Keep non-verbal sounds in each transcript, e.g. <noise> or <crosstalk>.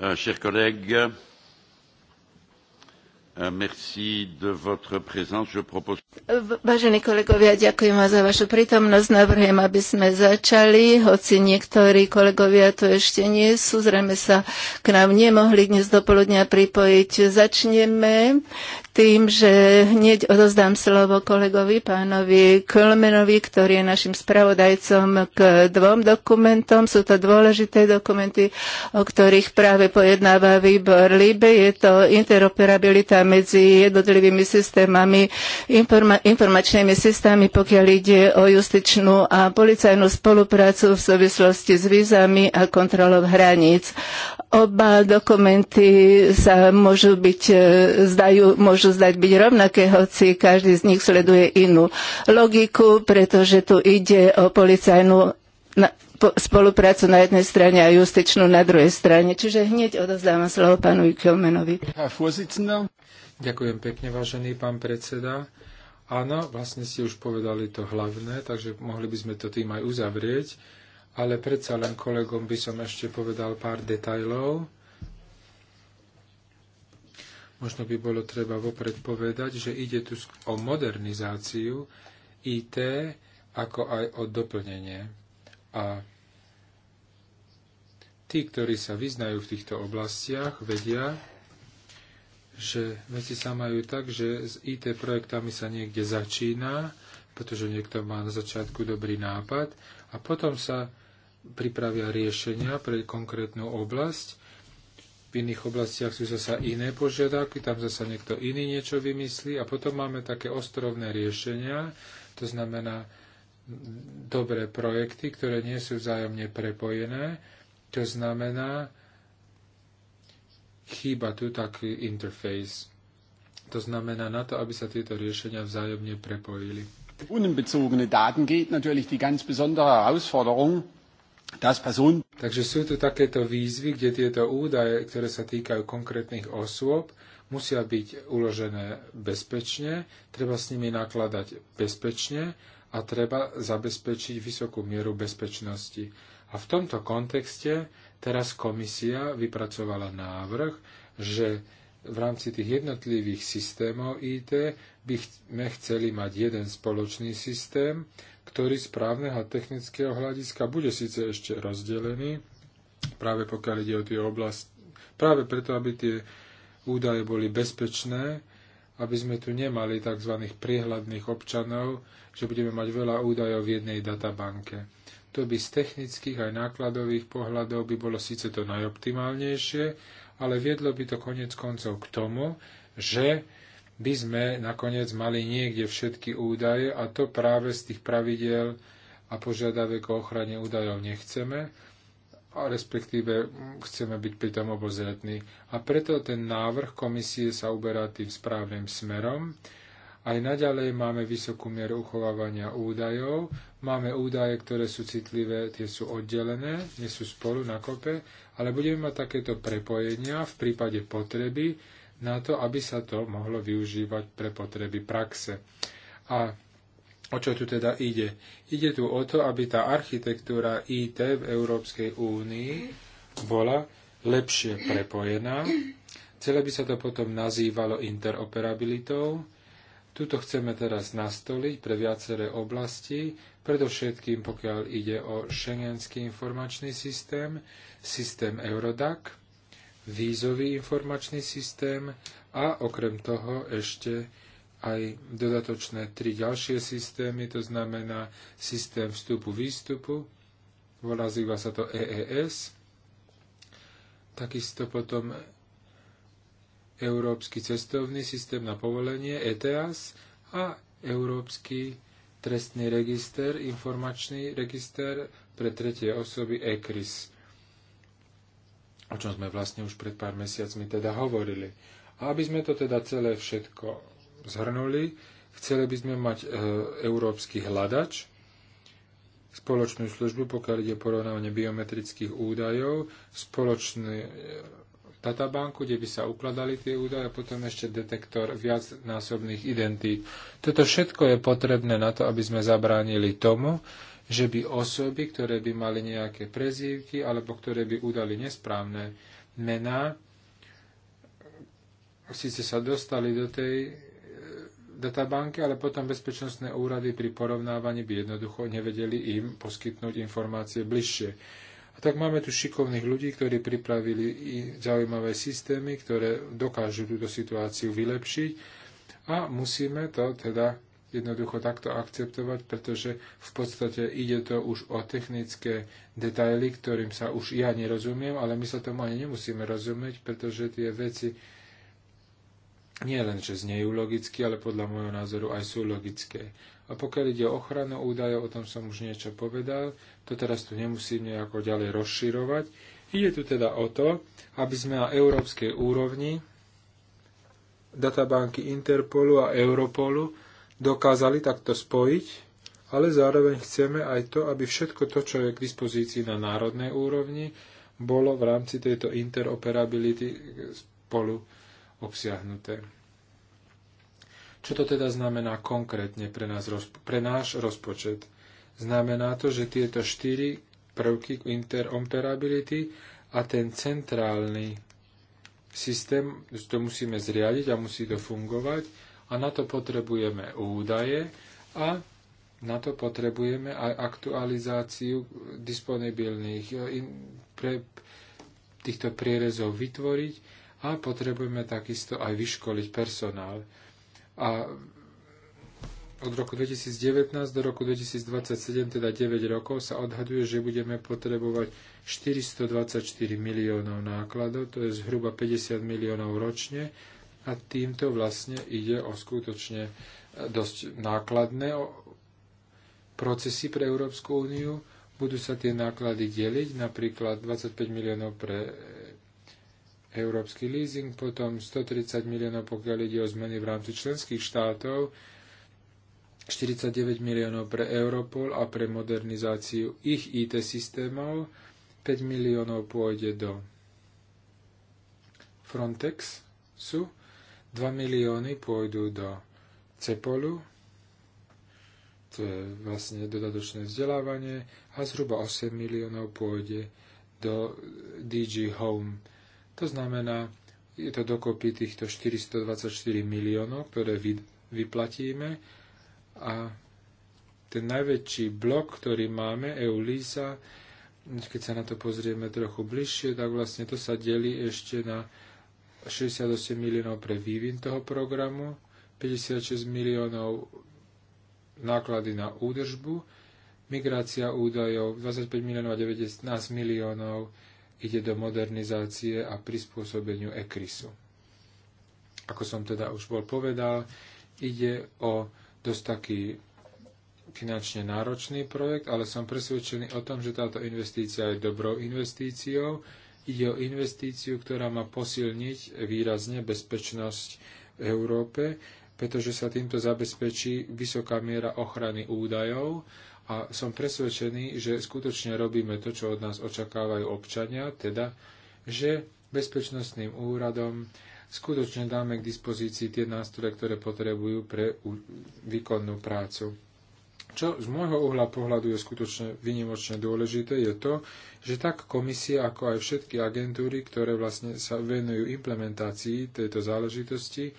Euh, chers collègues, euh, merci de votre présence. Je propose Vážení kolegovia, ďakujem vám za vašu prítomnosť. Navrhujem, aby sme začali, hoci niektorí kolegovia tu ešte nie sú, zrejme sa k nám nemohli dnes do poludnia pripojiť. Začneme tým, že hneď odozdám slovo kolegovi, pánovi Klmenovi, ktorý je našim spravodajcom k dvom dokumentom. Sú to dôležité dokumenty, o ktorých práve pojednáva výbor LIBE. Je to interoperabilita medzi jednotlivými systémami informa- informačnými systémami, pokiaľ ide o justičnú a policajnú spoluprácu v súvislosti s vízami a kontrolou hraníc. Oba dokumenty sa môžu, byť, e, zdajú, môžu zdať byť rovnaké, hoci každý z nich sleduje inú logiku, pretože tu ide o policajnú na, po, spoluprácu na jednej strane a justičnú na druhej strane. Čiže hneď odozdávam slovo pánu Ikeomenovi. Ďakujem pekne, vážený pán predseda. Áno, vlastne ste už povedali to hlavné, takže mohli by sme to tým aj uzavrieť, ale predsa len kolegom by som ešte povedal pár detajlov. Možno by bolo treba vopred povedať, že ide tu o modernizáciu IT, ako aj o doplnenie. A tí, ktorí sa vyznajú v týchto oblastiach, vedia, že veci sa majú tak, že s IT projektami sa niekde začína, pretože niekto má na začiatku dobrý nápad a potom sa pripravia riešenia pre konkrétnu oblasť. V iných oblastiach sú zasa iné požiadavky, tam zasa niekto iný niečo vymyslí a potom máme také ostrovné riešenia, to znamená dobré projekty, ktoré nie sú vzájomne prepojené. To znamená, chýba tu taký interface. To znamená na to, aby sa tieto riešenia vzájomne prepojili. Daten geht natürlich die ganz besondere Herausforderung, dass Personen... Takže sú tu takéto výzvy, kde tieto údaje, ktoré sa týkajú konkrétnych osôb, musia byť uložené bezpečne, treba s nimi nakladať bezpečne a treba zabezpečiť vysokú mieru bezpečnosti. A v tomto kontexte Teraz komisia vypracovala návrh, že v rámci tých jednotlivých systémov IT by sme chceli mať jeden spoločný systém, ktorý z právneho a technického hľadiska bude síce ešte rozdelený, práve pokiaľ ide o tie oblasti, práve preto, aby tie údaje boli bezpečné, aby sme tu nemali tzv. priehľadných občanov, že budeme mať veľa údajov v jednej databanke. To by z technických aj nákladových pohľadov by bolo síce to najoptimálnejšie, ale viedlo by to konec koncov k tomu, že by sme nakoniec mali niekde všetky údaje a to práve z tých pravidel a požiadavek o ochrane údajov nechceme, a respektíve chceme byť pritom obozretní. A preto ten návrh komisie sa uberá tým správnym smerom, aj naďalej máme vysokú mieru uchovávania údajov, máme údaje, ktoré sú citlivé, tie sú oddelené, nie sú spolu na kope, ale budeme mať takéto prepojenia v prípade potreby na to, aby sa to mohlo využívať pre potreby praxe. A o čo tu teda ide? Ide tu o to, aby tá architektúra IT v Európskej únii bola lepšie prepojená. Celé by sa to potom nazývalo interoperabilitou Tuto chceme teraz nastoliť pre viaceré oblasti, predovšetkým pokiaľ ide o šengenský informačný systém, systém Eurodac, vízový informačný systém a okrem toho ešte aj dodatočné tri ďalšie systémy, to znamená systém vstupu-výstupu, nazýva sa to EES, takisto potom Európsky cestovný systém na povolenie ETEAS a Európsky trestný register, informačný register pre tretie osoby ECRIS, o čom sme vlastne už pred pár mesiacmi teda hovorili. A aby sme to teda celé všetko zhrnuli, chceli by sme mať e, európsky hľadač, spoločnú službu, pokiaľ ide porovnávanie biometrických údajov, spoločný e, databanku, kde by sa ukladali tie údaje a potom ešte detektor viacnásobných identít. Toto všetko je potrebné na to, aby sme zabránili tomu, že by osoby, ktoré by mali nejaké prezývky alebo ktoré by udali nesprávne mená, síce sa dostali do tej e, databanky, ale potom bezpečnostné úrady pri porovnávaní by jednoducho nevedeli im poskytnúť informácie bližšie. A tak máme tu šikovných ľudí, ktorí pripravili i zaujímavé systémy, ktoré dokážu túto situáciu vylepšiť a musíme to teda jednoducho takto akceptovať, pretože v podstate ide to už o technické detaily, ktorým sa už ja nerozumiem, ale my sa tomu ani nemusíme rozumieť, pretože tie veci nie len, že znejú logicky, ale podľa môjho názoru aj sú logické. A pokiaľ ide o ochranu údajov, o tom som už niečo povedal, to teraz tu nemusím nejako ďalej rozširovať. Ide tu teda o to, aby sme na európskej úrovni databanky Interpolu a Europolu dokázali takto spojiť, ale zároveň chceme aj to, aby všetko to, čo je k dispozícii na národnej úrovni, bolo v rámci tejto interoperability spolu obsiahnuté. Čo to teda znamená konkrétne pre, nás, pre náš rozpočet? Znamená to, že tieto štyri prvky interoperability a ten centrálny systém, to musíme zriadiť a musí to fungovať a na to potrebujeme údaje a na to potrebujeme aj aktualizáciu disponibilných eh, pre týchto prierezov vytvoriť a potrebujeme takisto aj vyškoliť personál. A od roku 2019 do roku 2027, teda 9 rokov, sa odhaduje, že budeme potrebovať 424 miliónov nákladov, to je zhruba 50 miliónov ročne a týmto vlastne ide o skutočne dosť nákladné procesy pre Európsku úniu. Budú sa tie náklady deliť, napríklad 25 miliónov pre európsky leasing, potom 130 miliónov, pokiaľ ide o zmeny v rámci členských štátov, 49 miliónov pre Europol a pre modernizáciu ich IT systémov, 5 miliónov pôjde do Frontex, sú 2 milióny pôjdu do Cepolu, to je vlastne dodatočné vzdelávanie, a zhruba 8 miliónov pôjde do DG Home to znamená, je to dokopy týchto 424 miliónov, ktoré vy, vyplatíme a ten najväčší blok, ktorý máme, EULISA, keď sa na to pozrieme trochu bližšie, tak vlastne to sa delí ešte na 68 miliónov pre vývin toho programu, 56 miliónov náklady na údržbu, migrácia údajov 25 miliónov a 19 miliónov ide do modernizácie a prispôsobeniu ekrisu. Ako som teda už bol povedal, ide o dosť taký finančne náročný projekt, ale som presvedčený o tom, že táto investícia je dobrou investíciou. Ide o investíciu, ktorá má posilniť výrazne bezpečnosť v Európe, pretože sa týmto zabezpečí vysoká miera ochrany údajov a som presvedčený, že skutočne robíme to, čo od nás očakávajú občania, teda, že bezpečnostným úradom skutočne dáme k dispozícii tie nástroje, ktoré potrebujú pre výkonnú prácu. Čo z môjho uhla pohľadu je skutočne vynimočne dôležité, je to, že tak komisia, ako aj všetky agentúry, ktoré vlastne sa venujú implementácii tejto záležitosti,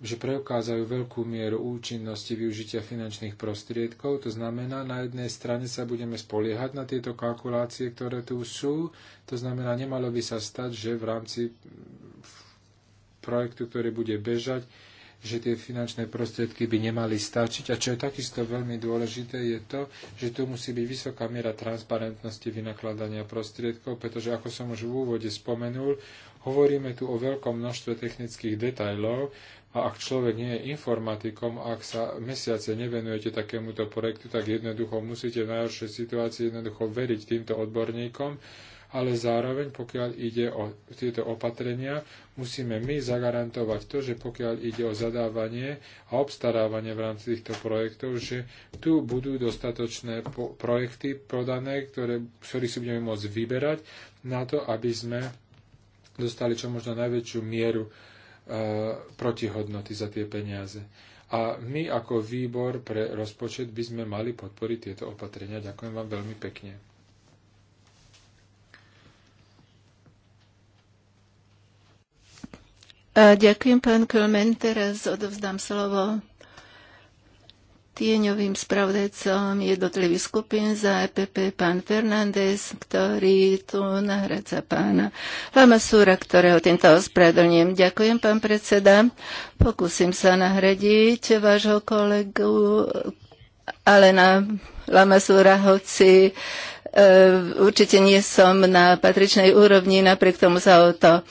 že preukázajú veľkú mieru účinnosti využitia finančných prostriedkov. To znamená, na jednej strane sa budeme spoliehať na tieto kalkulácie, ktoré tu sú. To znamená, nemalo by sa stať, že v rámci projektu, ktorý bude bežať, že tie finančné prostriedky by nemali stačiť. A čo je takisto veľmi dôležité, je to, že tu musí byť vysoká miera transparentnosti vynakladania prostriedkov, pretože ako som už v úvode spomenul, hovoríme tu o veľkom množstve technických detajlov, a ak človek nie je informatikom, ak sa mesiace nevenujete takémuto projektu, tak jednoducho musíte v najhoršej situácii jednoducho veriť týmto odborníkom, ale zároveň, pokiaľ ide o tieto opatrenia, musíme my zagarantovať to, že pokiaľ ide o zadávanie a obstarávanie v rámci týchto projektov, že tu budú dostatočné projekty prodané, ktoré, ktorých si budeme môcť vyberať na to, aby sme dostali čo možno najväčšiu mieru E, protihodnoty za tie peniaze. A my ako výbor pre rozpočet by sme mali podporiť tieto opatrenia. Ďakujem vám veľmi pekne. E, ďakujem, pán Kelmen. Teraz odovzdám slovo tieňovým spravodajcom jednotlivých skupín za EPP pán Fernández, ktorý tu nahradza pána Lamasúra, ktorého týmto ospravedlňujem. Ďakujem, pán predseda. Pokúsim sa nahradiť vášho kolegu Alena Lamasúra, hoci e, určite nie som na patričnej úrovni, napriek tomu sa o to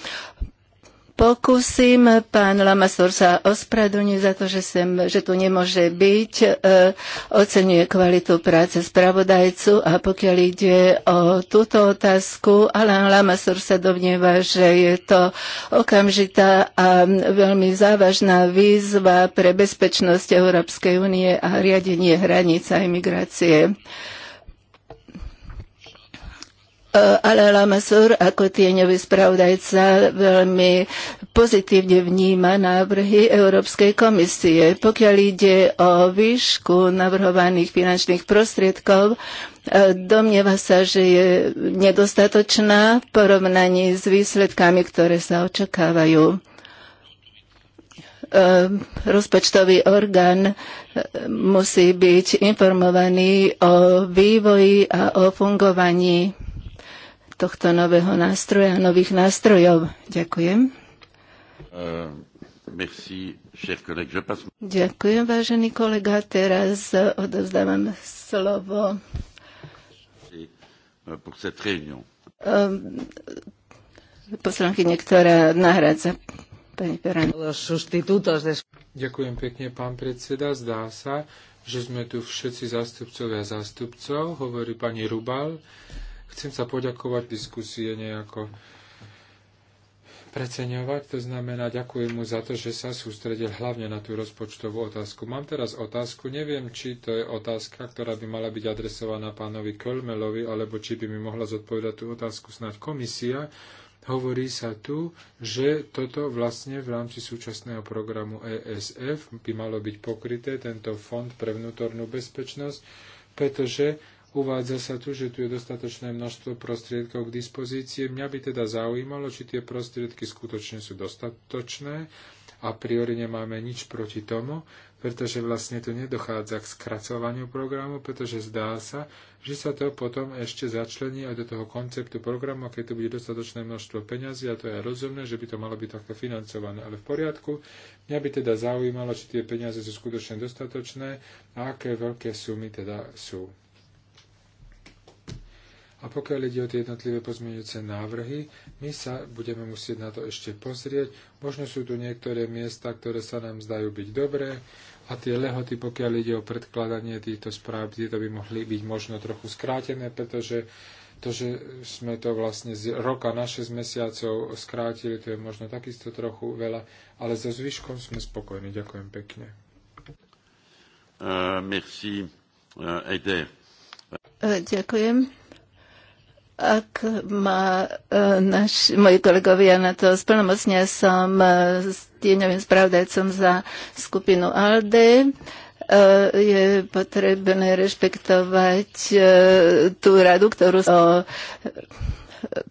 pokúsim. Pán Lamasor sa ospravedlniť za to, že, sem, že tu nemôže byť. E, oceňuje kvalitu práce spravodajcu a pokiaľ ide o túto otázku, Alan Lamasor sa dovnieva, že je to okamžitá a veľmi závažná výzva pre bezpečnosť Európskej únie a riadenie hraníc a imigrácie. E, ale Lamasur ako tieňový spravodajca veľmi pozitívne vníma návrhy Európskej komisie. Pokiaľ ide o výšku navrhovaných finančných prostriedkov, e, domnieva sa, že je nedostatočná v porovnaní s výsledkami, ktoré sa očakávajú. E, rozpočtový orgán musí byť informovaný o vývoji a o fungovaní tohto nového nástroja, nových nástrojov. Ďakujem. Uh, merci, Je passe... Ďakujem, vážený kolega. Teraz odovzdávam slovo euh, pour cette réunion. Um, poslankyne, ktorá nahrádza pani Perán. Ďakujem pekne, pán predseda. Zdá sa, že sme tu všetci zástupcovia zástupcov, hovorí pani Rubal. Chcem sa poďakovať, diskusie nejako preceňovať, to znamená, ďakujem mu za to, že sa sústredil hlavne na tú rozpočtovú otázku. Mám teraz otázku, neviem, či to je otázka, ktorá by mala byť adresovaná pánovi Kölmelovi, alebo či by mi mohla zodpovedať tú otázku snáď komisia. Hovorí sa tu, že toto vlastne v rámci súčasného programu ESF by malo byť pokryté, tento fond pre vnútornú bezpečnosť, pretože Uvádza sa tu, že tu je dostatočné množstvo prostriedkov k dispozícii. Mňa by teda zaujímalo, či tie prostriedky skutočne sú dostatočné. A priori nemáme nič proti tomu, pretože vlastne tu nedochádza k skracovaniu programu, pretože zdá sa, že sa to potom ešte začlení aj do toho konceptu programu, keď tu bude dostatočné množstvo peňazí a to je rozumné, že by to malo byť takto financované. Ale v poriadku, mňa by teda zaujímalo, či tie peniaze sú skutočne dostatočné a aké veľké sumy teda sú. A pokiaľ ide o tie jednotlivé pozmeňujúce návrhy, my sa budeme musieť na to ešte pozrieť. Možno sú tu niektoré miesta, ktoré sa nám zdajú byť dobré a tie lehoty, pokiaľ ide o predkladanie týchto správ, tieto by mohli byť možno trochu skrátené, pretože to, že sme to vlastne z roka na 6 mesiacov skrátili, to je možno takisto trochu veľa, ale so zvyškom sme spokojní. Ďakujem pekne. Uh, merci, uh, Uh, ďakujem. Ak ma e, naši, moji kolegovia na to splnomocnia, som e, tieňovým spravdajcom za skupinu ALDE e, je potrebné rešpektovať tú radu, ktorú o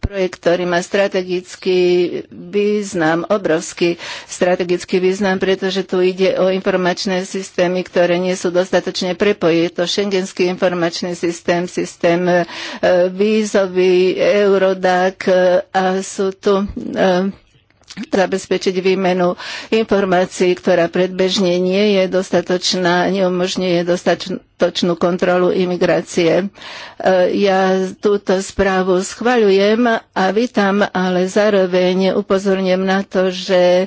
projekt, ktorý má strategický význam, obrovský strategický význam, pretože tu ide o informačné systémy, ktoré nie sú dostatočne prepojené. Je to šengenský informačný systém, systém e, vízový, Eurodac e, a sú tu e, zabezpečiť výmenu informácií, ktorá predbežne nie je dostatočná, neumožňuje dostatočnú kontrolu imigrácie. E, ja túto správu schvaľujem a vítam, ale zároveň upozorňujem na to, že e,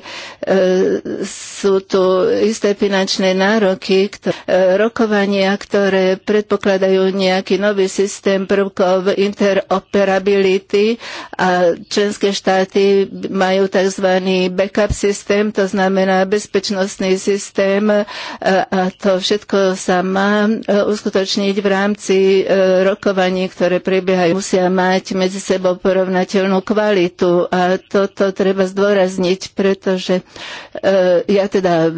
sú tu isté finančné nároky, e, rokovania, ktoré predpokladajú nejaký nový systém prvkov interoperability a členské štáty majú tzv tzv. backup systém, to znamená bezpečnostný systém e, a to všetko sa má e, uskutočniť v rámci e, rokovaní, ktoré prebiehajú. Musia mať medzi sebou porovnateľnú kvalitu a toto treba zdôrazniť, pretože ja teda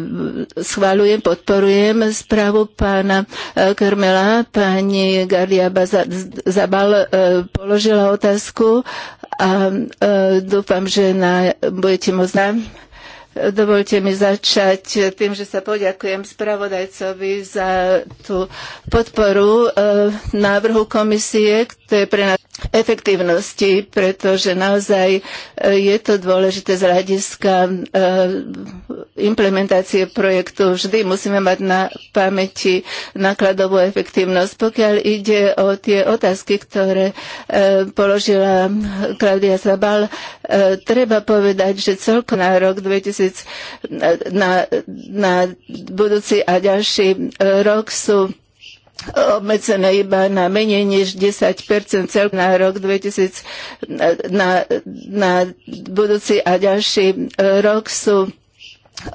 schválujem, podporujem správu pána Karmela, pani Gardia Zabal položila otázku a dúfam, že na, Ďakujete mu za Dovolte mi začať tým, že sa poďakujem spravodajcovi za tú podporu eh, návrhu komisie, ktoré je pre nás efektívnosti, pretože naozaj e, je to dôležité z hľadiska e, implementácie projektu. Vždy musíme mať na pamäti nákladovú efektívnosť. Pokiaľ ide o tie otázky, ktoré e, položila Klaudia Sabal, treba povedať, že celko na rok 2000, na, na budúci a ďalší rok sú obmedzené iba na menej než 10 cel na rok 2000, na, na budúci a ďalší rok sú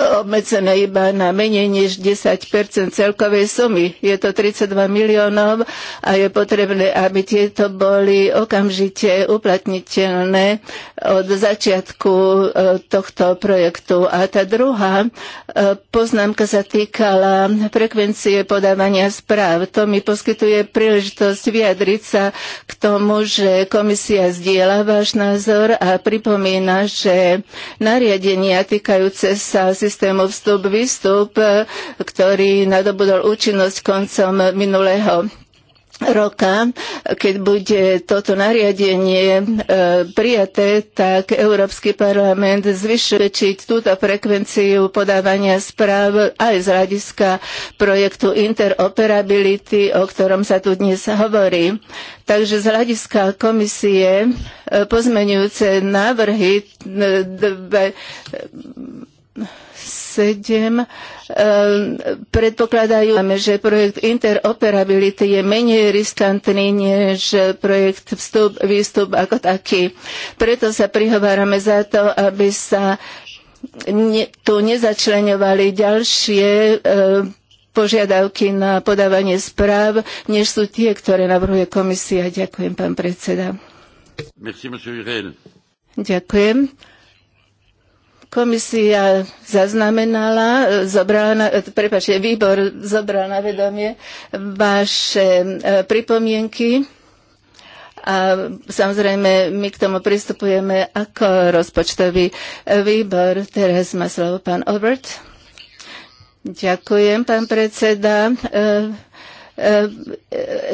obmedzené iba na menej než 10 celkovej sumy. Je to 32 miliónov a je potrebné, aby tieto boli okamžite uplatniteľné od začiatku e, tohto projektu. A tá druhá e, poznámka sa týkala frekvencie podávania správ. To mi poskytuje príležitosť vyjadriť sa k tomu, že komisia zdieľa váš názor a pripomína, že nariadenia týkajúce sa systému vstup-výstup, e, ktorý nadobudol účinnosť koncom minulého roka, keď bude toto nariadenie e, prijaté, tak Európsky parlament zvyšečiť túto frekvenciu podávania správ aj z hľadiska projektu interoperability, o ktorom sa tu dnes hovorí. Takže z hľadiska komisie e, pozmenujúce návrhy e, 7 eh, predpokladajú, že projekt interoperability je menej riskantný než projekt vstup, výstup ako taký. Preto sa prihovárame za to, aby sa ne, tu nezačlenovali ďalšie e, požiadavky na podávanie správ, než sú tie, ktoré navrhuje komisia. Ďakujem, pán predseda. Merci, Ďakujem. Komisia zaznamenala, e, zobrala na, e, prepáčte, výbor zobral na vedomie vaše e, pripomienky a samozrejme my k tomu pristupujeme ako rozpočtový výbor. Teraz má slovo pán Albert. Ďakujem, pán predseda.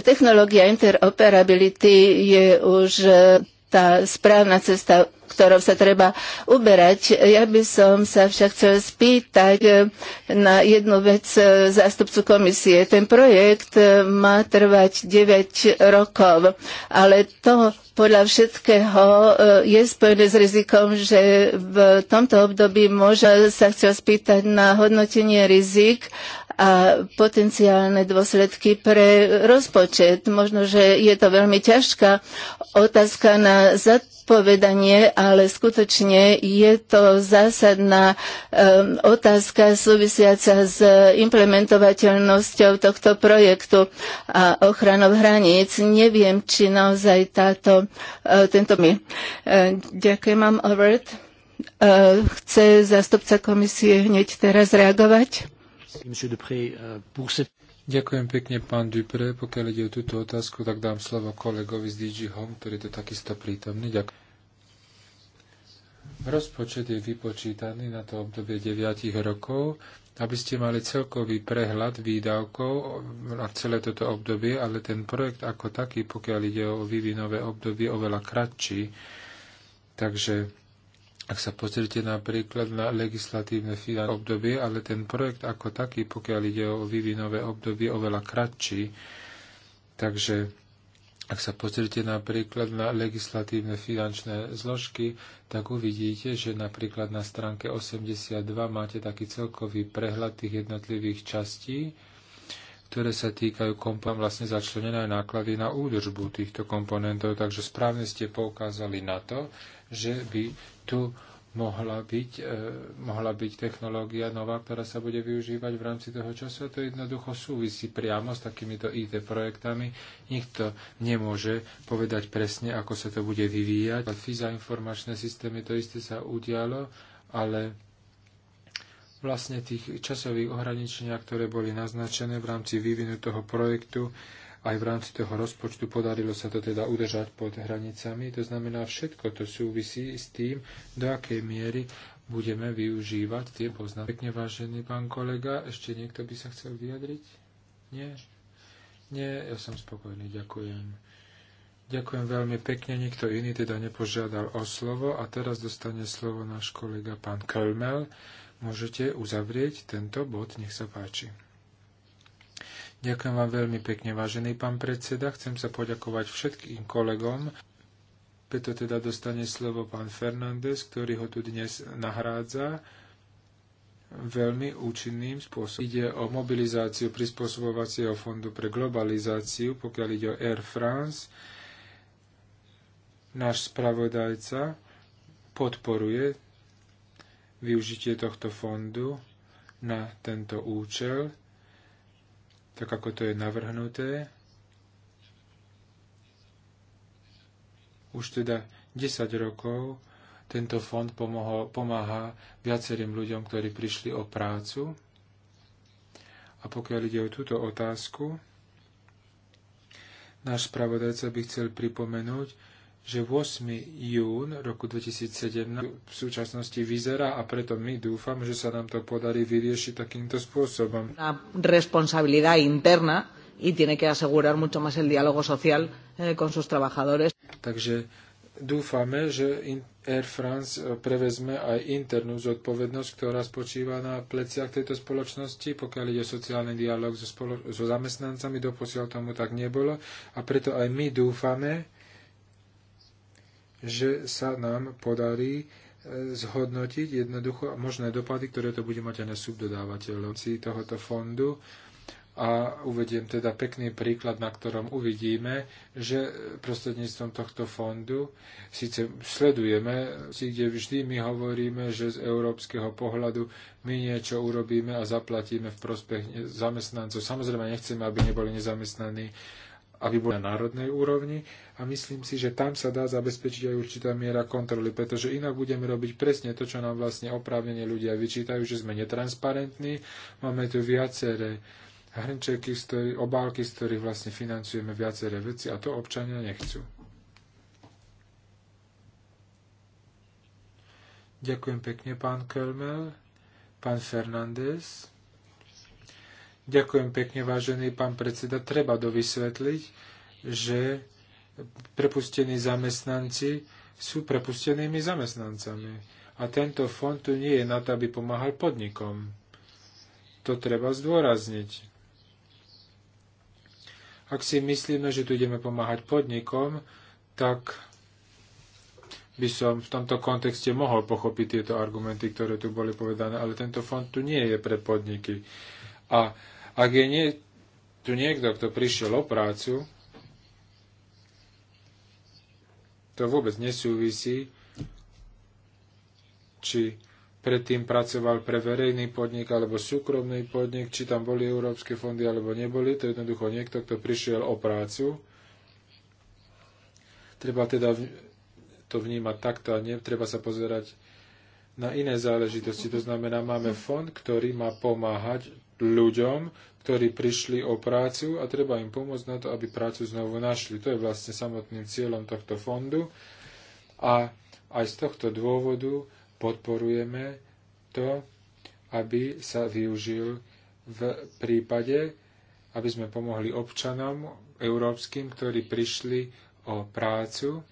Technológia interoperability je už tá správna cesta ktorou sa treba uberať. Ja by som sa však chcel spýtať eh, na jednu vec eh, zástupcu komisie. Ten projekt eh, má trvať 9 rokov, ale to podľa všetkého je spojené s rizikom, že v tomto období môže sa chcel spýtať na hodnotenie rizik a potenciálne dôsledky pre rozpočet. Možno, že je to veľmi ťažká otázka na zatvorenie zodpovedanie, ale skutočne je to zásadná um, otázka súvisiaca s implementovateľnosťou tohto projektu a ochranou hraníc. Neviem, či naozaj táto, uh, tento my. Uh, ďakujem, mám Albert. Uh, chce zastupca komisie hneď teraz reagovať? Ďakujem pekne, pán Dupré. Pokiaľ ide o túto otázku, tak dám slovo kolegovi z DG Home, ktorý je to takisto prítomný. Ďakujem. Rozpočet je vypočítaný na to obdobie 9 rokov, aby ste mali celkový prehľad výdavkov na celé toto obdobie, ale ten projekt ako taký, pokiaľ ide o vývinové obdobie, oveľa kratší. Takže ak sa pozrite napríklad na legislatívne finančné obdobie, ale ten projekt ako taký, pokiaľ ide o vývinové obdobie, je oveľa kratší. Takže ak sa pozrite napríklad na legislatívne finančné zložky, tak uvidíte, že napríklad na stránke 82 máte taký celkový prehľad tých jednotlivých častí ktoré sa týkajú komponentov, vlastne začlenené aj náklady na údržbu týchto komponentov. Takže správne ste poukázali na to, že by tu mohla byť, eh, mohla byť technológia nová, ktorá sa bude využívať v rámci toho času. A to jednoducho súvisí priamo s takýmito IT projektami. Nikto nemôže povedať presne, ako sa to bude vyvíjať. FISA informačné systémy, to isté sa udialo, ale vlastne tých časových ohraničenia, ktoré boli naznačené v rámci vývinu toho projektu, aj v rámci toho rozpočtu podarilo sa to teda udržať pod hranicami. To znamená, všetko to súvisí s tým, do akej miery budeme využívať tie poznámky. Pekne vážený pán kolega, ešte niekto by sa chcel vyjadriť? Nie? Nie, ja som spokojný, ďakujem. Ďakujem veľmi pekne, nikto iný teda nepožiadal o slovo a teraz dostane slovo náš kolega pán Kölmel, Môžete uzavrieť tento bod, nech sa páči. Ďakujem vám veľmi pekne, vážený pán predseda. Chcem sa poďakovať všetkým kolegom. Preto teda dostane slovo pán Fernández, ktorý ho tu dnes nahrádza veľmi účinným spôsobom. Ide o mobilizáciu prispôsobovacieho fondu pre globalizáciu, pokiaľ ide o Air France. Náš spravodajca podporuje využitie tohto fondu na tento účel, tak ako to je navrhnuté. Už teda 10 rokov tento fond pomohol, pomáha viacerým ľuďom, ktorí prišli o prácu. A pokiaľ ide o túto otázku, náš spravodajca by chcel pripomenúť, že 8. jún roku 2017 v súčasnosti vyzerá a preto my dúfam, že sa nám to podarí vyriešiť takýmto spôsobom. Na responsabilidad interna y tiene que asegurar mucho más el diálogo social eh, con sus trabajadores. Takže dúfame, že Air France eh, prevezme aj internú zodpovednosť, ktorá spočíva na pleciach tejto spoločnosti, pokiaľ ide sociálny dialog so, spolo- so zamestnancami, doposiaľ tomu tak nebolo a preto aj my dúfame, že sa nám podarí e, zhodnotiť jednoducho možné dopady, ktoré to bude mať aj na subdodávateľovci tohoto fondu. A uvediem teda pekný príklad, na ktorom uvidíme, že prostredníctvom tohto fondu síce sledujeme, kde vždy my hovoríme, že z európskeho pohľadu my niečo urobíme a zaplatíme v prospech zamestnancov. Samozrejme, nechceme, aby neboli nezamestnaní aby boli na národnej úrovni a myslím si, že tam sa dá zabezpečiť aj určitá miera kontroly, pretože inak budeme robiť presne to, čo nám vlastne oprávnenie ľudia vyčítajú, že sme netransparentní. Máme tu viaceré hrnčeky, z obálky, z ktorých vlastne financujeme viaceré veci a to občania nechcú. Ďakujem pekne, pán Kelmel, pán Fernández. Ďakujem pekne, vážený pán predseda. Treba dovysvetliť, že prepustení zamestnanci sú prepustenými zamestnancami. A tento fond tu nie je na to, aby pomáhal podnikom. To treba zdôrazniť. Ak si myslíme, že tu ideme pomáhať podnikom, tak by som v tomto kontexte mohol pochopiť tieto argumenty, ktoré tu boli povedané, ale tento fond tu nie je pre podniky. A ak je nie, tu niekto, kto prišiel o prácu, to vôbec nesúvisí, či predtým pracoval pre verejný podnik alebo súkromný podnik, či tam boli európske fondy alebo neboli. To je jednoducho niekto, kto prišiel o prácu. Treba teda to vnímať takto a netreba sa pozerať na iné záležitosti. To znamená, máme fond, ktorý má pomáhať ľuďom, ktorí prišli o prácu a treba im pomôcť na to, aby prácu znovu našli. To je vlastne samotným cieľom tohto fondu. A aj z tohto dôvodu podporujeme to, aby sa využil v prípade, aby sme pomohli občanom európskym, ktorí prišli o prácu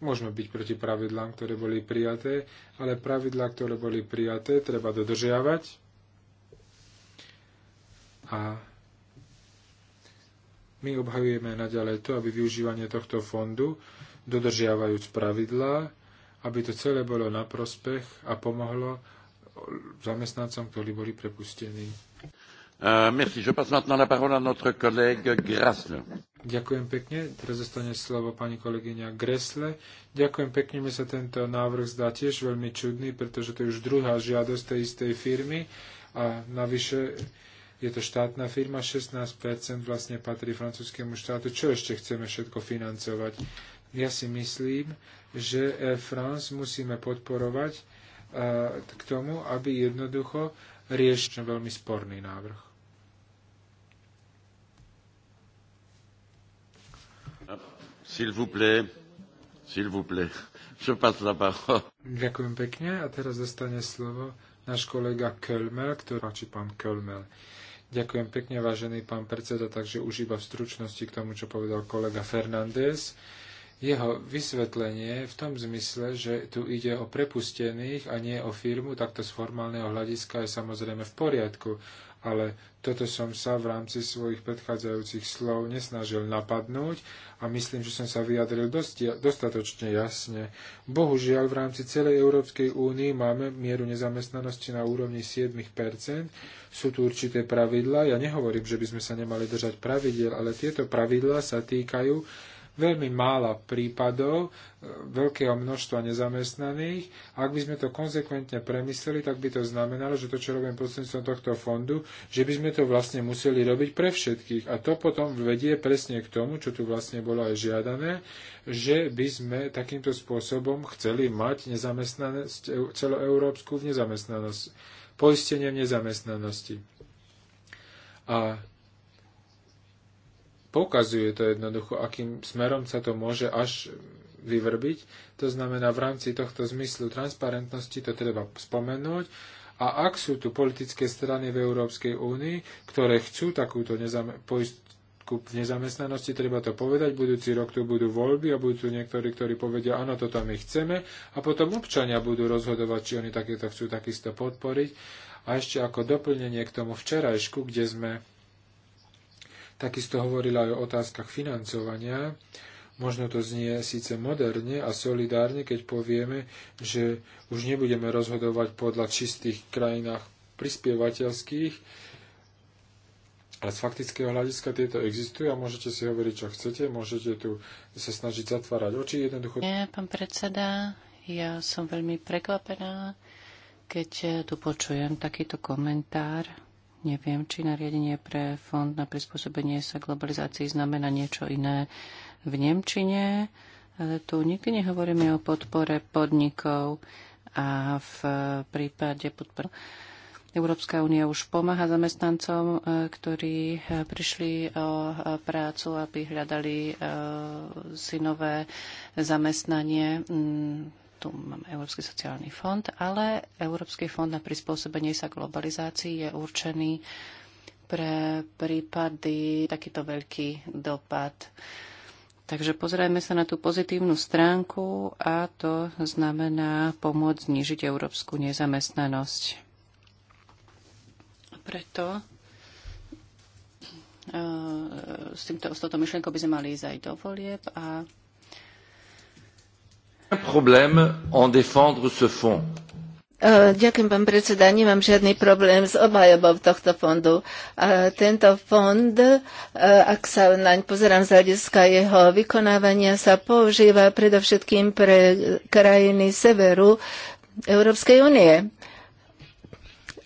Môžeme byť proti pravidlám, ktoré boli prijaté, ale pravidlá, ktoré boli prijaté, treba dodržiavať. A my obhajujeme naďalej to, aby využívanie tohto fondu, dodržiavajúc pravidlá, aby to celé bolo na prospech a pomohlo zamestnancom, ktorí boli prepustení. Euh, je maintenant la parole à notre collègue Grasle. Ďakujem pekne. Teraz zostane slovo pani kolegyňa Gresle. Ďakujem pekne, mi sa tento návrh zdá tiež veľmi čudný, pretože to je už druhá žiadosť tej istej firmy a navyše je to štátna firma, 16% vlastne patrí francúzskému štátu. Čo ešte chceme všetko financovať? Ja si myslím, že Air France musíme podporovať k tomu, aby jednoducho riešil veľmi sporný návrh. S'il vous plaît. S'il vous plaît. Je passe la parole. Ďakujem pekne a teraz dostane slovo náš kolega Kölmel, ktorý páči pán Kölmel. Ďakujem pekne, vážený pán predseda, takže už iba v stručnosti k tomu, čo povedal kolega Fernández. Jeho vysvetlenie v tom zmysle, že tu ide o prepustených a nie o firmu, takto z formálneho hľadiska je samozrejme v poriadku ale toto som sa v rámci svojich predchádzajúcich slov nesnažil napadnúť a myslím, že som sa vyjadril dosť, dostatočne jasne. Bohužiaľ, v rámci celej Európskej únii máme mieru nezamestnanosti na úrovni 7%. Sú tu určité pravidlá. Ja nehovorím, že by sme sa nemali držať pravidel, ale tieto pravidlá sa týkajú veľmi mála prípadov e, veľkého množstva nezamestnaných. Ak by sme to konsekventne premysleli, tak by to znamenalo, že to, čo robím prostredníctvom tohto fondu, že by sme to vlastne museli robiť pre všetkých. A to potom vedie presne k tomu, čo tu vlastne bolo aj žiadané, že by sme takýmto spôsobom chceli mať nezamestnanosť, e, celoeurópsku v poistenie v nezamestnanosti. A Poukazuje to jednoducho, akým smerom sa to môže až vyvrbiť. To znamená, v rámci tohto zmyslu transparentnosti to treba spomenúť. A ak sú tu politické strany v Európskej únii, ktoré chcú takúto nezame- poistku v nezamestnanosti, treba to povedať, budúci rok tu budú voľby a budú tu niektorí, ktorí povedia, áno, toto my chceme a potom občania budú rozhodovať, či oni takéto chcú takisto podporiť. A ešte ako doplnenie k tomu včerajšku, kde sme Takisto hovorila aj o otázkach financovania. Možno to znie síce moderne a solidárne, keď povieme, že už nebudeme rozhodovať podľa čistých krajinách prispievateľských, ale z faktického hľadiska tieto existujú a môžete si hovoriť, čo chcete, môžete tu sa snažiť zatvárať oči jednoducho. Nie, pán predseda, ja som veľmi prekvapená, keď tu počujem takýto komentár. Neviem, či nariadenie pre fond na prispôsobenie sa globalizácii znamená niečo iné v Nemčine, ale tu nikdy nehovoríme o podpore podnikov a v prípade podpor. Európska únia už pomáha zamestnancom, e, ktorí e, prišli o e, prácu, aby hľadali si nové zamestnanie mm, tu máme Európsky sociálny fond, ale Európsky fond na prispôsobenie sa globalizácii je určený pre prípady takýto veľký dopad. Takže pozrajme sa na tú pozitívnu stránku a to znamená pomôcť znižiť európsku nezamestnanosť. Preto e, s, týmto, myšlienkou by sme mali ísť aj do volieb a Eh, ďakujem, pán predseda. Nemám žiadny problém s obhajobou tohto fondu. A tento fond, eh, ak sa naň pozerám z hľadiska jeho vykonávania, sa používa predovšetkým pre krajiny severu Európskej únie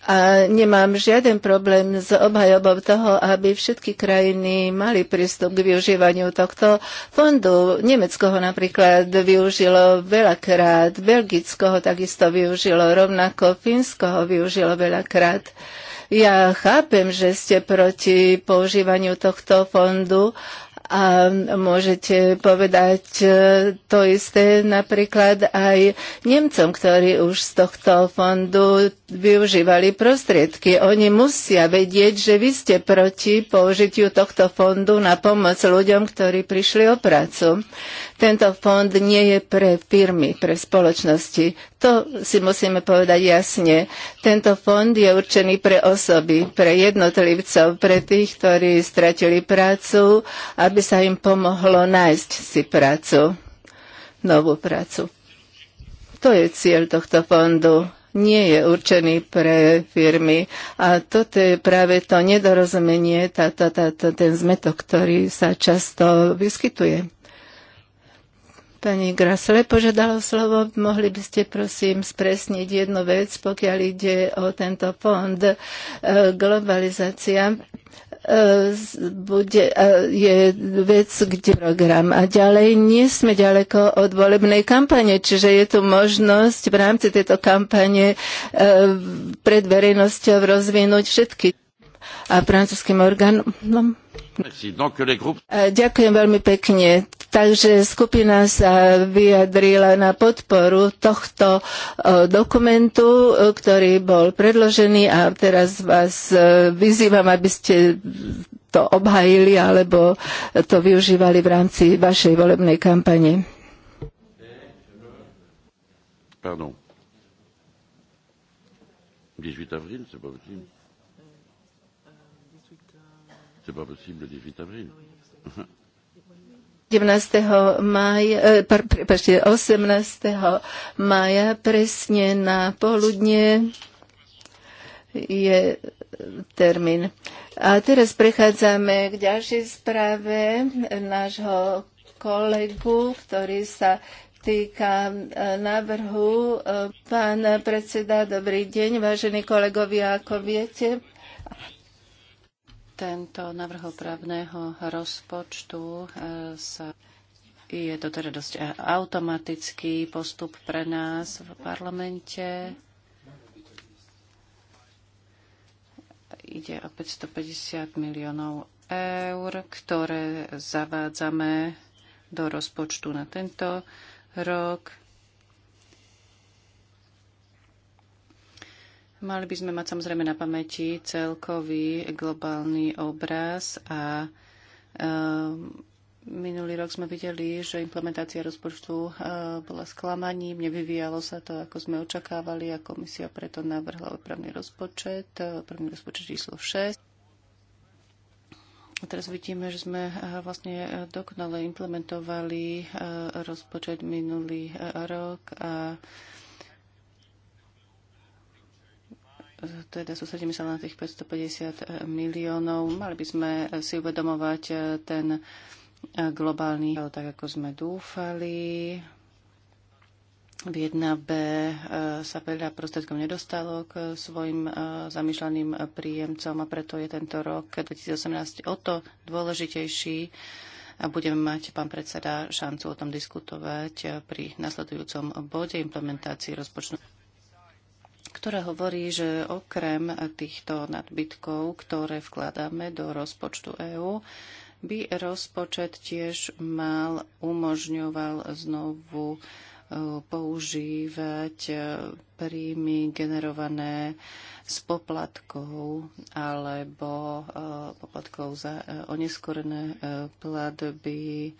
a nemám žiaden problém s obhajobou toho, aby všetky krajiny mali prístup k využívaniu tohto fondu. Nemecko ho napríklad využilo veľakrát, Belgicko ho takisto využilo, rovnako Fínsko ho využilo veľakrát. Ja chápem, že ste proti používaniu tohto fondu, a môžete povedať e, to isté napríklad aj Nemcom, ktorí už z tohto fondu využívali prostriedky. Oni musia vedieť, že vy ste proti použitiu tohto fondu na pomoc ľuďom, ktorí prišli o prácu. Tento fond nie je pre firmy, pre spoločnosti. To si musíme povedať jasne. Tento fond je určený pre osoby, pre jednotlivcov, pre tých, ktorí stratili prácu, aby sa im pomohlo nájsť si prácu, novú prácu. To je cieľ tohto fondu nie je určený pre firmy. A toto je práve to nedorozumenie, tá, tá, tá, ten zmetok, ktorý sa často vyskytuje. Pani Grasle požiadalo slovo. Mohli by ste prosím spresniť jednu vec, pokiaľ ide o tento fond e, globalizácia e, bude, e, je vec, kde program. A ďalej nie sme ďaleko od volebnej kampane, čiže je tu možnosť v rámci tejto kampane pred verejnosťou rozvinúť všetky a francúzským orgánom. Ďakujem veľmi pekne. Takže skupina sa vyjadrila na podporu tohto e, dokumentu, e, ktorý bol predložený a teraz vás e, vyzývam, aby ste to obhajili alebo to využívali v rámci vašej volebnej kampane. Pardon. 18 avril, c'est pas possible. C'est pas possible le 18 avril. <laughs> 17. maja prepačte, 18. maja presne na poludne je termín. A teraz prechádzame k ďalšej správe nášho kolegu, ktorý sa týka e, návrhu. E, pán predseda, dobrý deň, vážení kolegovia, ako viete, tento navrhopravného rozpočtu e, sa je to teda dosť e, automatický postup pre nás v parlamente. Ide o 550 miliónov eur, ktoré zavádzame do rozpočtu na tento rok Mali by sme mať samozrejme na pamäti celkový globálny obraz a um, minulý rok sme videli, že implementácia rozpočtu uh, bola sklamaním, nevyvíjalo sa to, ako sme očakávali a komisia preto navrhla opravný rozpočet, ehm, opravný rozpočet číslo 6. A teraz vidíme, že sme vlastne dokonale implementovali rozpočet minulý rok a teda sústredíme sa na tých 550 miliónov. Mali by sme si uvedomovať eh, ten eh, globálny, tak ako sme dúfali. V 1B eh, sa veľa prostredkov nedostalo k svojim zamýšľaným príjemcom a preto je tento rok 2018 o to dôležitejší a budeme mať, pán predseda, šancu o tom diskutovať pri nasledujúcom bode implementácii rozpočtu ktorá hovorí, že okrem týchto nadbytkov, ktoré vkladáme do rozpočtu EÚ, by rozpočet tiež mal umožňoval znovu e, používať e, príjmy generované z poplatkov alebo e, poplatkov za oneskorené platby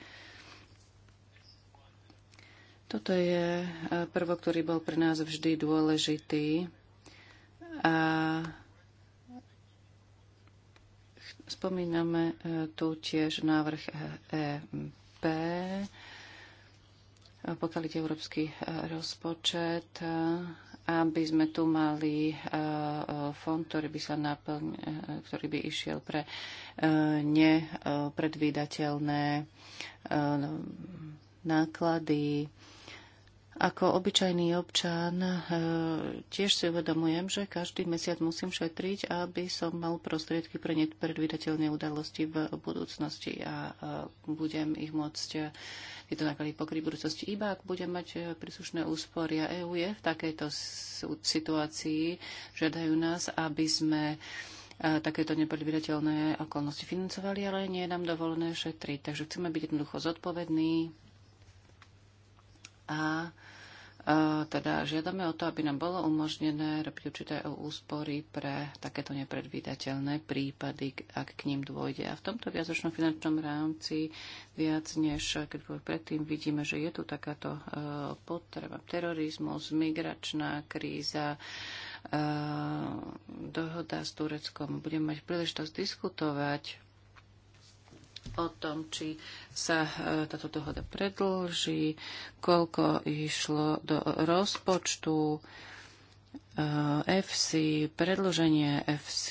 toto je e, prvok, ktorý bol pre nás vždy dôležitý. A spomíname e, tu tiež návrh EP, e pokiaľ ide európsky rozpočet, aby sme tu mali fond, ktorý by, sa naplň, ktorý by išiel pre nepredvídateľné no, náklady, ako obyčajný občan e, tiež si uvedomujem, že každý mesiac musím šetriť, aby som mal prostriedky pre nepredvídateľné udalosti v budúcnosti a e, budem ich môcť e, tieto náklady pokryť v budúcnosti iba, ak budem mať e, príslušné úspory. A EU je v takejto situácii, žiadajú nás, aby sme e, takéto nepredvídateľné okolnosti financovali, ale nie je nám dovolené šetriť. Takže chceme byť jednoducho zodpovední a teda žiadame o to, aby nám bolo umožnené robiť určité úspory pre takéto nepredvídateľné prípady, ak k ním dôjde. A v tomto viacročnom finančnom rámci viac než keď predtým vidíme, že je tu takáto e, potreba terorizmus, migračná kríza, e, dohoda s Tureckom. Budeme mať príležitosť diskutovať o tom, či sa e, táto dohoda predlží, koľko išlo do rozpočtu e, FC, predlženie FC.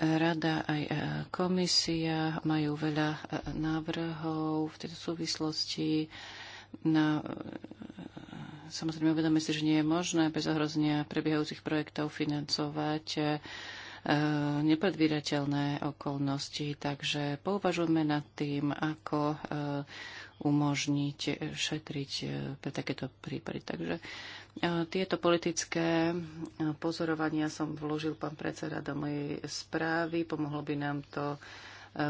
Rada aj e, komisia majú veľa návrhov v tejto súvislosti. Na, samozrejme, uvedome si, že nie je možné bez ohrozenia prebiehajúcich projektov financovať Eh, nepredvídateľné okolnosti, takže pouvažujme nad tým, ako eh, umožniť šetriť eh, pre takéto prípady. Takže tieto politické pozorovania som vložil pán predseda do mojej správy. Pomohlo by nám to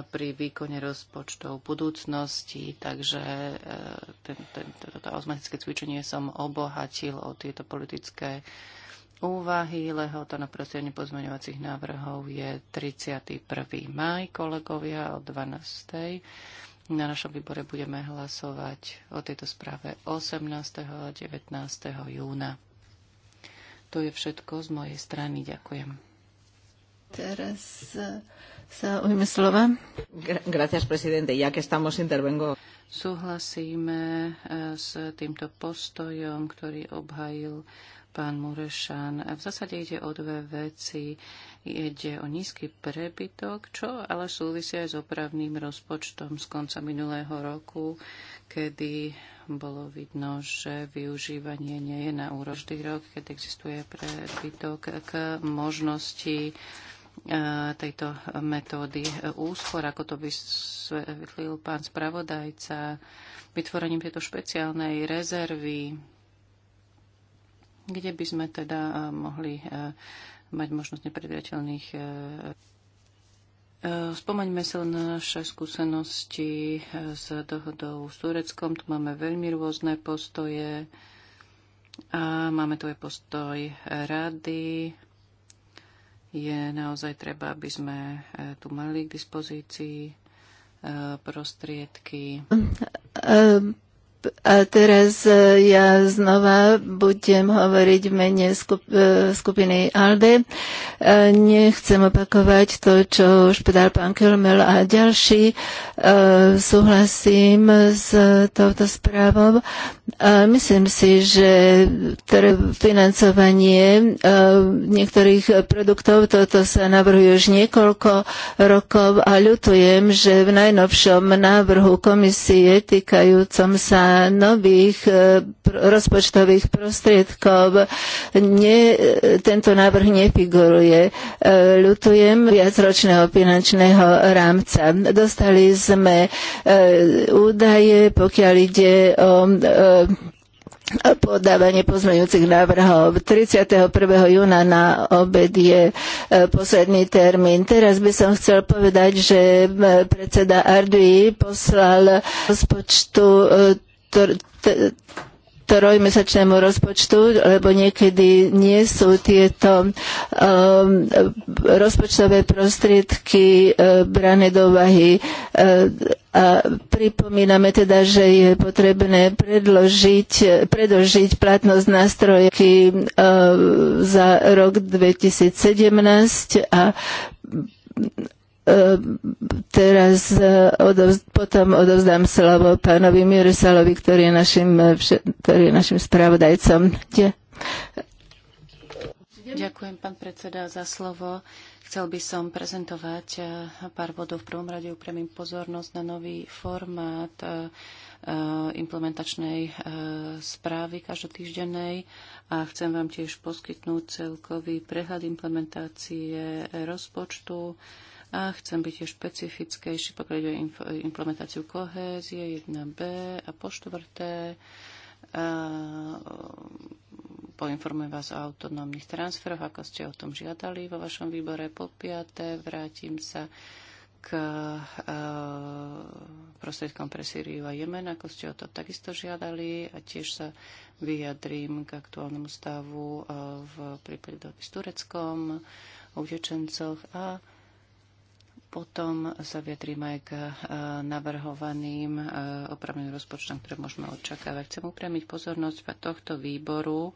pri výkone rozpočtov budúcnosti, takže toto automatické cvičenie som obohatil o tieto politické uh, úvahy. Lehota na prosenie pozmeňovacích návrhov je 31. maj, kolegovia, o 12. Na našom výbore budeme hlasovať o tejto správe 18. a 19. júna. To je všetko z mojej strany. Ďakujem. Teraz e, sa ujme slova. Gracias, presidente. Ja, que estamos, intervengo. Súhlasíme e, s týmto postojom, ktorý obhajil pán Murešan. V zásade ide o dve veci. Ide o nízky prebytok, čo ale súvisia aj s opravným rozpočtom z konca minulého roku, kedy bolo vidno, že využívanie nie je na úročný rok, keď existuje prebytok k možnosti e, tejto metódy úspor, ako to vysvetlil pán spravodajca, vytvorením tejto špeciálnej rezervy kde by sme teda eh, mohli eh, mať možnosť nepredviateľných. Eh, spomeňme sa na naše skúsenosti s dohodou s Tureckom. Tu máme veľmi rôzne postoje a máme tu aj postoj rady. Je naozaj treba, aby sme tu mali k dispozícii prostriedky. A teraz e, ja znova budem hovoriť v mene e, skupiny ALDE. E, nechcem opakovať to, čo už povedal pán Kilmel a ďalší. Súhlasím s touto správou. Myslím si, že financovanie niektorých produktov, toto sa navrhuje už niekoľko rokov a ľutujem, že v najnovšom návrhu komisie týkajúcom sa nových e, rozpočtových prostriedkov ne, tento návrh nefiguruje. E, ľutujem viacročného finančného rámca. Dostali sme e, údaje, pokiaľ ide o podávanie pozmeňujúcich návrhov. 31. júna na obed je posledný termín. Teraz by som chcel povedať, že predseda Ardui poslal rozpočtu trojmesačnému rozpočtu, lebo niekedy nie sú tieto um, rozpočtové prostriedky uh, brané do vahy. Uh, a pripomíname teda, že je potrebné predložiť, predložiť platnosť nástrojky uh, za rok 2017 a Ehm, teraz e, odovz, potom odovzdám slovo pánovi Mirsalovi, ktorý je našim, e, ktorý je našim spravodajcom. De. Ďakujem, pán predseda, za slovo. Chcel by som prezentovať e, pár bodov. V prvom rade upriamím pozornosť na nový formát implementačnej správy každotýždennej a chcem vám tiež poskytnúť celkový prehľad implementácie rozpočtu a chcem byť tiež špecifickejší, pokiaľ ide o implementáciu kohézie 1b a po štvrté poinformujem vás o autonómnych transferoch, ako ste o tom žiadali vo vašom výbore. Po piaté vrátim sa k prostriedkom pre Syriu a Jemen, ako ste o to takisto žiadali a tiež sa vyjadrím k aktuálnemu stavu v prípade s Tureckom, o utečencoch a potom sa vyjadrím aj k e, navrhovaným e, opravným rozpočtom, ktoré môžeme očakávať. Chcem upriamiť pozornosť tohto výboru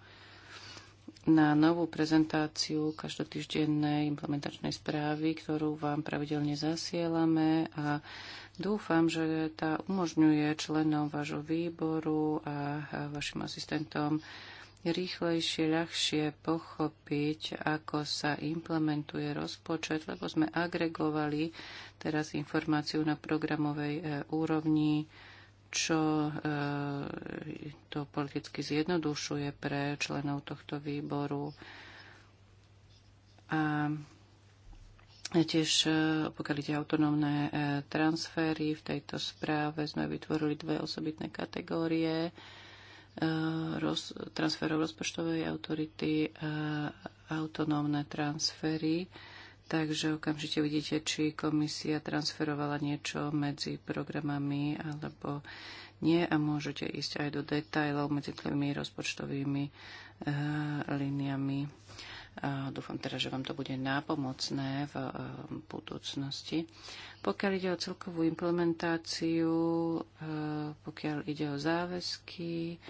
na novú prezentáciu každotýždennej implementačnej správy, ktorú vám pravidelne zasielame a dúfam, že tá umožňuje členom vášho výboru a vašim asistentom rýchlejšie, ľahšie pochopiť, ako sa implementuje rozpočet, lebo sme agregovali teraz informáciu na programovej e, úrovni, čo e, to politicky zjednodušuje pre členov tohto výboru. A Tiež e, pokiaľ ide autonómne transfery, v tejto správe sme vytvorili dve osobitné kategórie. Eh, roz, transferov rozpočtovej autority a eh, autonómne transfery. Takže okamžite uvidíte, či komisia transferovala niečo medzi programami alebo nie a môžete ísť aj do detajlov medzi tými rozpočtovými uh, eh, líniami. Dúfam teda, že vám to bude nápomocné v e, budúcnosti. Pokiaľ ide o celkovú implementáciu, e, pokiaľ ide o záväzky,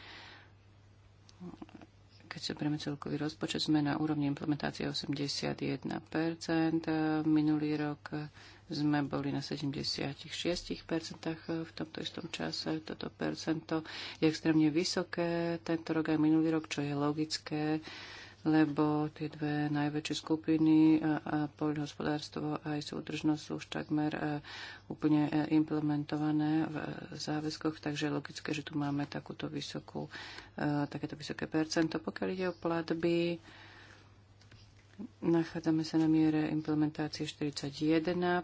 keď sa prieme celkový rozpočet, sme na úrovni implementácie 81%. Minulý rok sme boli na 76% v tomto istom čase. Toto percento je extrémne vysoké tento rok aj minulý rok, čo je logické lebo tie dve najväčšie skupiny, a, a poľnohospodárstvo aj súdržnosť, sú už takmer úplne e, implementované v e, záväzkoch, takže je logické, že tu máme takúto vysokú, e, takéto vysoké percento. Pokiaľ ide o platby, Nachádzame sa na miere implementácie 41% a,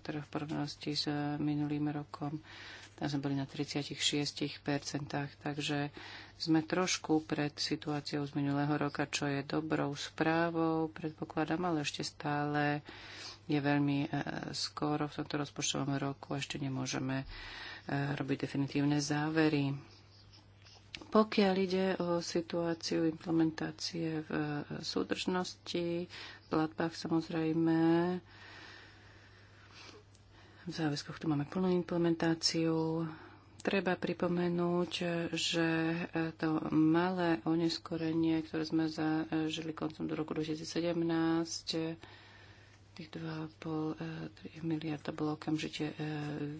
teda v porovnosti s minulým rokom tam sme boli na 36%, takže sme trošku pred situáciou z minulého roka, čo je dobrou správou, predpokladám, ale ešte stále je veľmi e, skoro v tomto rozpočtovom roku, ešte nemôžeme e, robiť definitívne závery. Pokiaľ ide o situáciu implementácie v e, súdržnosti, v platbách samozrejme, v záväzkoch tu máme plnú implementáciu. Treba pripomenúť, že to malé oneskorenie, ktoré sme zažili koncom do roku 2017, tých 2,5 e, miliarda bolo okamžite e,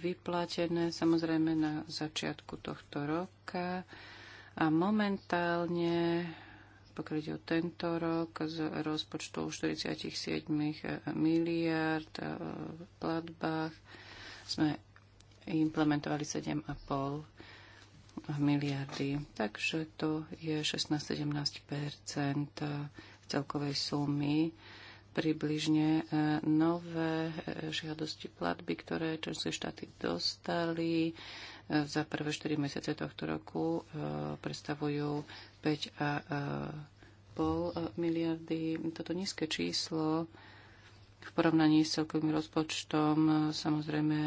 vyplatené, samozrejme na začiatku tohto roka. A momentálne pokryť tento rok z rozpočtu 47 miliard e, v platbách. Sme implementovali 7,5 miliardy. Takže to je 16-17 celkovej sumy približne e, nové e, žiadosti platby, ktoré členské štáty dostali e, za prvé 4 mesiace tohto roku predstavujú 5 a pol miliardy. Toto nízke číslo v porovnaní s celkovým rozpočtom samozrejme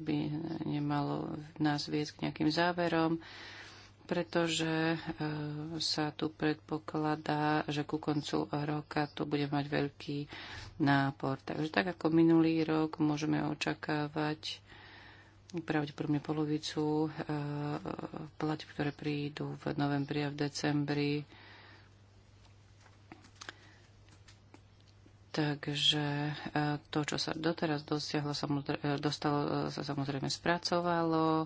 by nemalo nás viesť k nejakým záverom pretože e, sa tu predpokladá, že ku koncu roka tu bude mať veľký nápor. Takže tak ako minulý rok môžeme očakávať pravdepodobne polovicu e, plat, ktoré prídu v novembri a v decembri. Takže e, to, čo sa doteraz dosiahlo, dostalo, sa samozrejme spracovalo,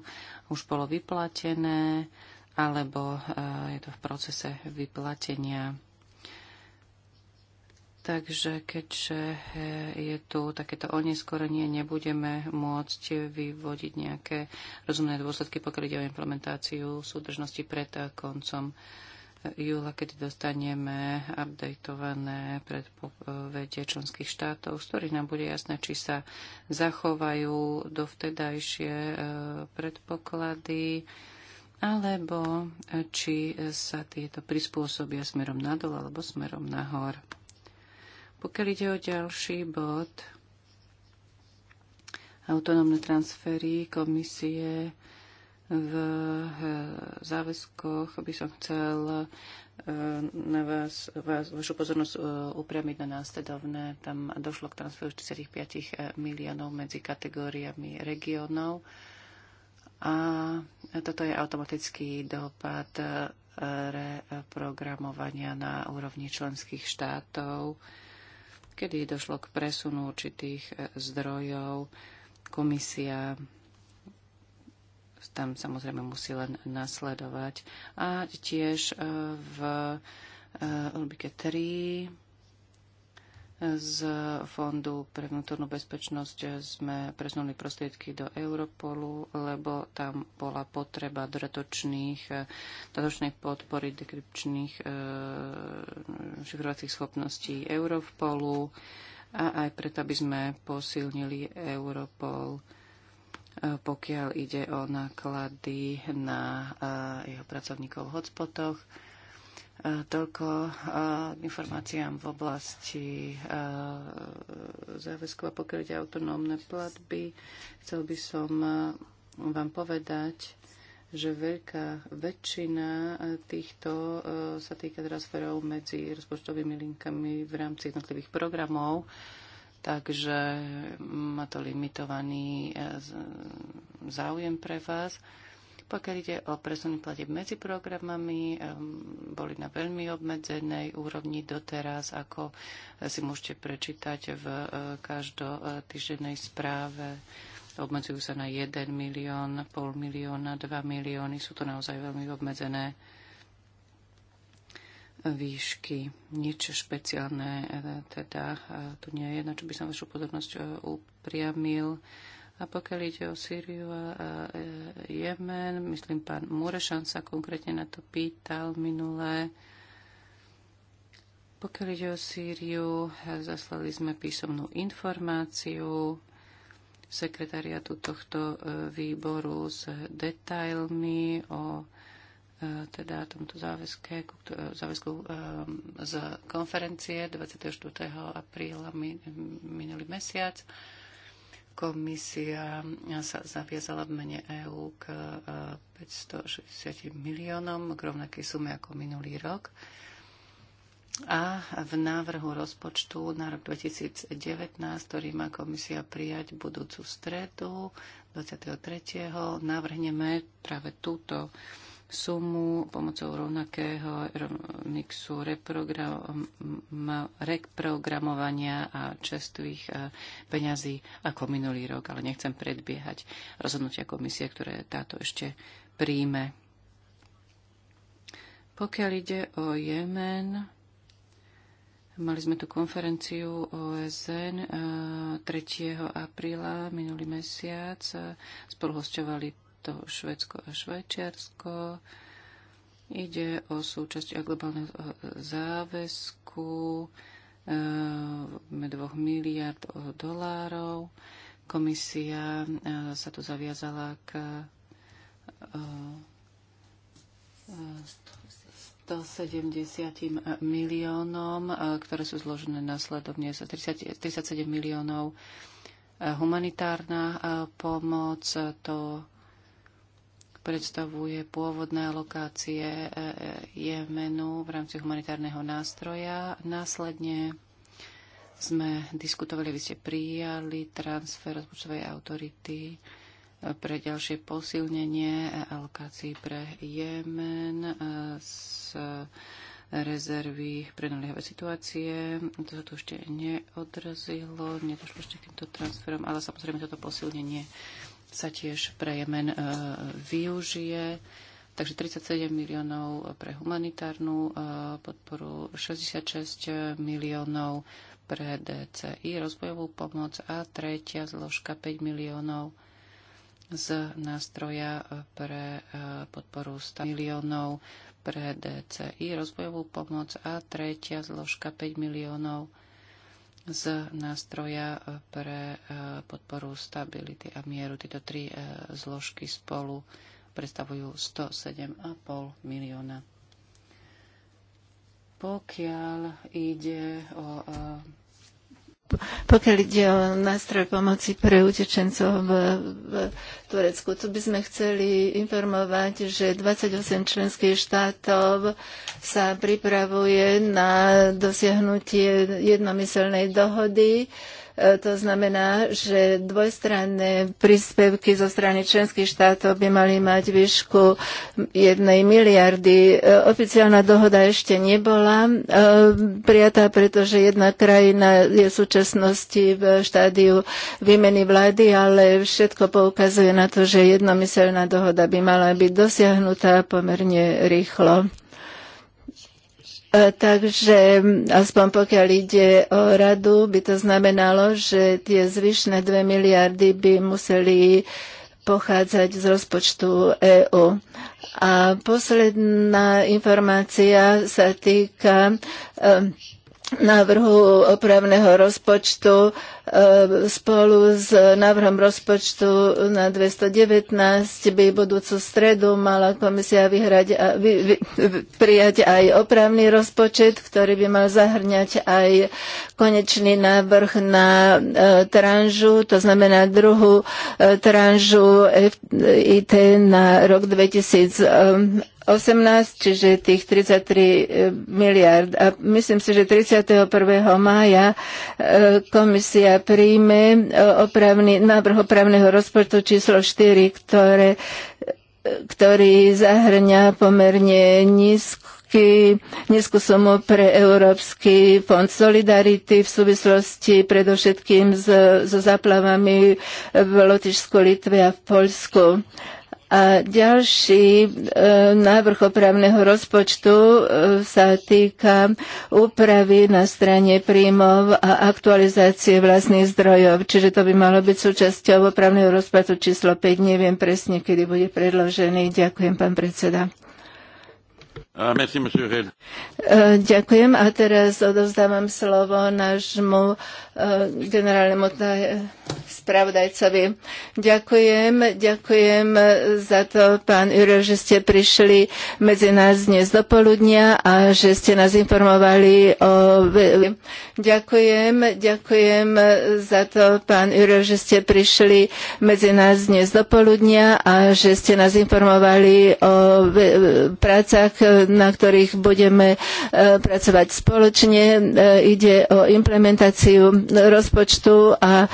už bolo vyplatené alebo e, je to v procese vyplatenia. Takže keďže e, je tu takéto oneskorenie, nebudeme môcť vyvodiť nejaké rozumné dôsledky, pokiaľ ide o implementáciu súdržnosti pred e, koncom júla, keď dostaneme updatované predpovede členských štátov, z ktorých nám bude jasné, či sa zachovajú dovtedajšie predpoklady, alebo e, či e, sa tieto prispôsobia smerom nadol alebo smerom nahor. Pokiaľ ide o ďalší bod, autonómne transfery komisie v e, záväzkoch by som chcel na vás, vás vašu pozornosť upriamiť na následovné. Tam došlo k transferu 45 miliónov medzi kategóriami regiónov. A toto je automatický dopad e, reprogramovania na úrovni členských štátov, kedy došlo k presunu určitých e, zdrojov. Komisia tam samozrejme musí len nasledovať. A tiež e, v Ulbike 3 z Fondu pre vnútornú bezpečnosť sme presunuli prostriedky do Europolu, lebo tam bola potreba dodatočných, dodatočných podpory dekrypčných e, šifrovacích schopností Europolu a aj preto, aby sme posilnili Europol e, pokiaľ ide o náklady na e, jeho pracovníkov v hotspotoch. Eh, toľko eh, informáciám v oblasti eh, záväzku a pokryť autonómne platby. Chcel by som vám povedať, že veľká väčšina týchto sa týka transferov medzi rozpočtovými linkami v rámci jednotlivých programov, takže má to limitovaný záujem pre vás. Pokiaľ ide o presuny platieb medzi programami, boli na veľmi obmedzenej úrovni doteraz, ako si môžete prečítať v e, každotýždennej správe. Obmedzujú sa na 1 milión, pol milióna, 2 milióny. Sú to naozaj veľmi obmedzené výšky. Nič špeciálne e, teda e, tu nie je, na čo by som vašu pozornosť upriamil. A pokiaľ ide o Sýriu a e, Jemen, myslím, pán Murešan sa konkrétne na to pýtal minulé. Pokiaľ ide o Sýriu, zaslali sme písomnú informáciu sekretariatu tohto e, výboru s detailmi o e, teda tomto záväzke, záväzku z konferencie 24. apríla minulý mesiac. Komisia sa zaviazala v mene EÚ k 560 e, miliónom, k rovnakej sume ako minulý rok. A v návrhu rozpočtu na rok 2019, ktorý má komisia prijať budúcu stredu 23. navrhneme práve túto sumu pomocou rovnakého mixu reprogramovania a čestových e, peňazí ako minulý rok, ale nechcem predbiehať rozhodnutia komisie, ktoré táto ešte príjme. Pokiaľ ide o Jemen, mali sme tu konferenciu OSN 3. E, apríla minulý mesiac. E, Spolu to Švedsko a Švajčiarsko. Ide o súčasť globálneho e, záväzku e, 2 miliard e, dolárov. Komisia e, sa tu zaviazala k 170 miliónom, ktoré sú zložené následovne za 30, 37 miliónov humanitárna pomoc, to predstavuje pôvodné alokácie e, e, Jemenu v rámci humanitárneho nástroja. Následne sme diskutovali, vy ste prijali transfer rozpočtovej autority e, pre ďalšie posilnenie alokácií pre Jemen z rezervy pre naliehavé situácie. To sa tu ešte neodrazilo, nedošlo ešte k týmto transferom, ale samozrejme toto posilnenie sa tiež pre Jemen e, využije. Takže 37 miliónov pre humanitárnu e, podporu, 66 miliónov pre DCI, rozvojovú pomoc a tretia zložka 5 miliónov z nástroja e, pre podporu 100 miliónov pre DCI, rozvojovú pomoc a tretia zložka 5 miliónov z nástroja e, pre e, podporu stability a mieru. Tieto tri e, zložky spolu predstavujú 107,5 milióna. Pokiaľ ide o pokiaľ ide o nástroj pomoci pre utečencov v, v Turecku. Tu by sme chceli informovať, že 28 členských štátov sa pripravuje na dosiahnutie jednomyselnej dohody E, to znamená, že dvojstranné príspevky zo strany členských štátov by mali mať výšku jednej miliardy. E, oficiálna dohoda ešte nebola e, prijatá, pretože jedna krajina je v súčasnosti v štádiu výmeny vlády, ale všetko poukazuje na to, že jednomyselná dohoda by mala byť dosiahnutá pomerne rýchlo. E, takže aspoň pokiaľ ide o radu, by to znamenalo, že tie zvyšné 2 miliardy by museli pochádzať z rozpočtu EÚ. A posledná informácia sa týka e, návrhu opravného rozpočtu E, spolu s návrhom rozpočtu na 219 by budúcu stredu mala komisia vyhrať a, vy, vy, prijať aj opravný rozpočet, ktorý by mal zahrňať aj konečný návrh na e, tranžu, to znamená druhú e, tranžu IT na rok 18, čiže tých 33 miliard. A myslím si, že 31. mája komisia príjme e, opravný, návrh opravného rozpočtu číslo 4, ktoré, ktorý zahrňa pomerne nízko nízku sumu pre Európsky fond Solidarity v súvislosti predovšetkým so, so záplavami v Lotyšsku, Litve a v Polsku. A ďalší e, návrh opravného rozpočtu e, sa týka úpravy na strane príjmov a aktualizácie vlastných zdrojov, čiže to by malo byť súčasťou opravného rozpočtu číslo 5. Neviem presne, kedy bude predložený. Ďakujem, pán predseda. Uh, merci, uh, Ďakujem a teraz odovzdávam slovo nášmu uh, generálnemu spravodajcovi. Ďakujem, ďakujem za to, pán Juro, že ste prišli medzi nás dnes do poludnia a že ste nás informovali o... Ďakujem, ďakujem za to, pán Juro, že ste prišli medzi nás dnes do poludnia a že ste nás informovali o prácach na ktorých budeme e, pracovať spoločne. E, ide o implementáciu rozpočtu a e,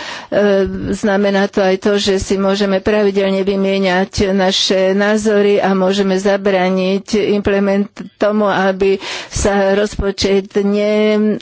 znamená to aj to, že si môžeme pravidelne vymieňať naše názory a môžeme zabrániť implement tomu, aby sa rozpočet ne